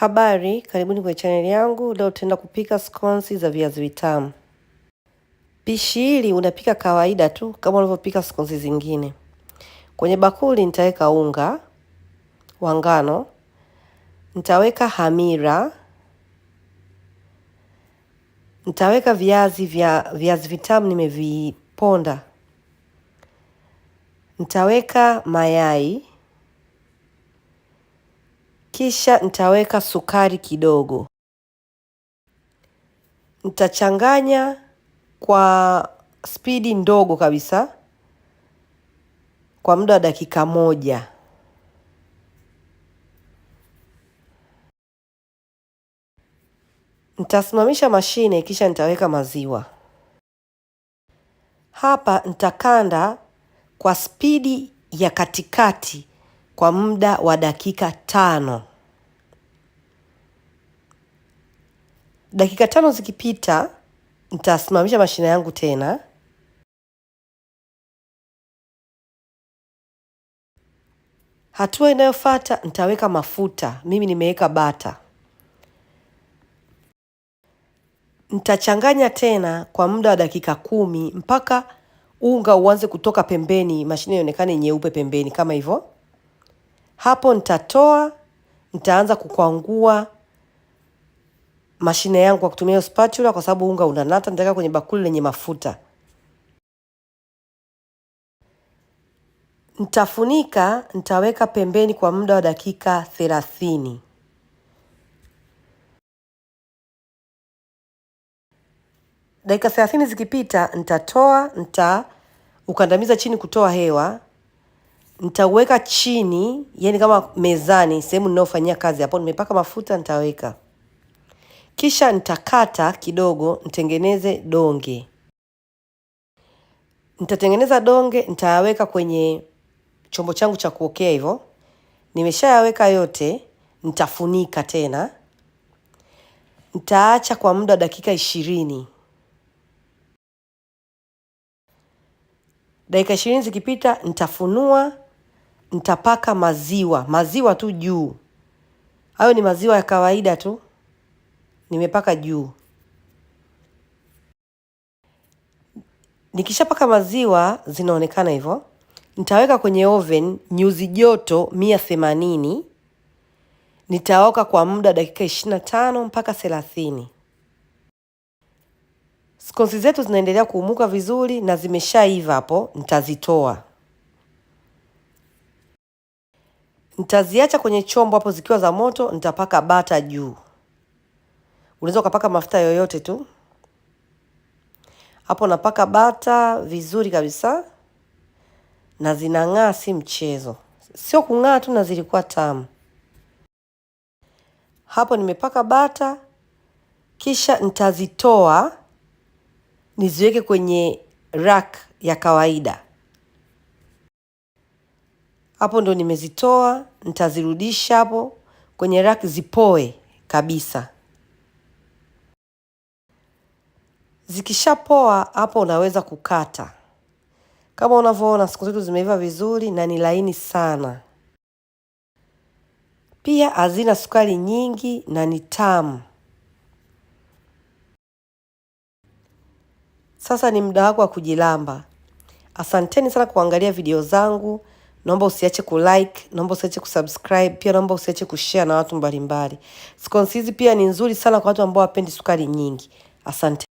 Habari, karibuni kwenye chaneli yangu. Leo tutaenda kupika skonsi za viazi vitamu. Pishi hili unapika kawaida tu kama unavyopika skonsi zingine. Kwenye bakuli nitaweka unga wa ngano, nitaweka hamira, nitaweka viazi vya viazi vitamu nimeviponda, nitaweka mayai kisha nitaweka sukari kidogo. Nitachanganya kwa spidi ndogo kabisa kwa muda wa dakika moja. Nitasimamisha mashine kisha nitaweka maziwa. Hapa nitakanda kwa spidi ya katikati kwa muda wa dakika tano. Dakika tano zikipita nitasimamisha mashine yangu tena. Hatua inayofuata nitaweka mafuta. Mimi nimeweka bata. Nitachanganya tena kwa muda wa dakika kumi mpaka unga uanze kutoka pembeni, mashine ionekane nyeupe pembeni kama hivyo. Hapo nitatoa, nitaanza kukwangua mashine yangu kwa kutumia spatula, kwa sababu unga unanata. Nitaweka kwenye bakuli lenye mafuta, nitafunika, nitaweka pembeni kwa muda wa dakika thelathini. Dakika thelathini zikipita, nitatoa, nitaukandamiza chini kutoa hewa, nitauweka chini, yani kama mezani, sehemu ninayofanyia kazi. Hapo nimepaka mafuta, nitaweka kisha nitakata kidogo nitengeneze donge. Nitatengeneza donge, nitayaweka kwenye chombo changu cha kuokea. Hivyo nimeshayaweka yote, nitafunika tena, nitaacha kwa muda wa dakika ishirini. Dakika ishirini zikipita, nitafunua, nitapaka maziwa, maziwa tu juu. Hayo ni maziwa ya kawaida tu nimepaka juu. Nikishapaka maziwa zinaonekana hivyo, nitaweka kwenye oven nyuzi joto mia themanini. Nitaoka kwa muda dakika ishirini na tano mpaka thelathini. Skonzi zetu zinaendelea kuumuka vizuri na zimeshaiva hapo, nitazitoa. Nitaziacha kwenye chombo hapo zikiwa za moto, nitapaka bata juu unaweza ukapaka mafuta yoyote tu hapo. Napaka bata vizuri kabisa na zinang'aa, si mchezo. Sio kung'aa tu, na zilikuwa tamu. Hapo nimepaka bata, kisha nitazitoa niziweke kwenye rack ya kawaida. Hapo ndo nimezitoa, nitazirudisha hapo kwenye rack zipoe kabisa. Zikishapoa hapo unaweza kukata. Kama unavyoona siku zetu zimeiva vizuri na ni laini sana, pia hazina sukari nyingi na ni tamu. Sasa ni muda wako wa kujilamba. Asanteni sana kuangalia video zangu. Naomba usiache kulike, naomba usiache kusubscribe, pia naomba usiache kushare na watu mbalimbali. Skonsi hizi pia ni nzuri sana kwa watu ambao wapendi sukari nyingi. Asante.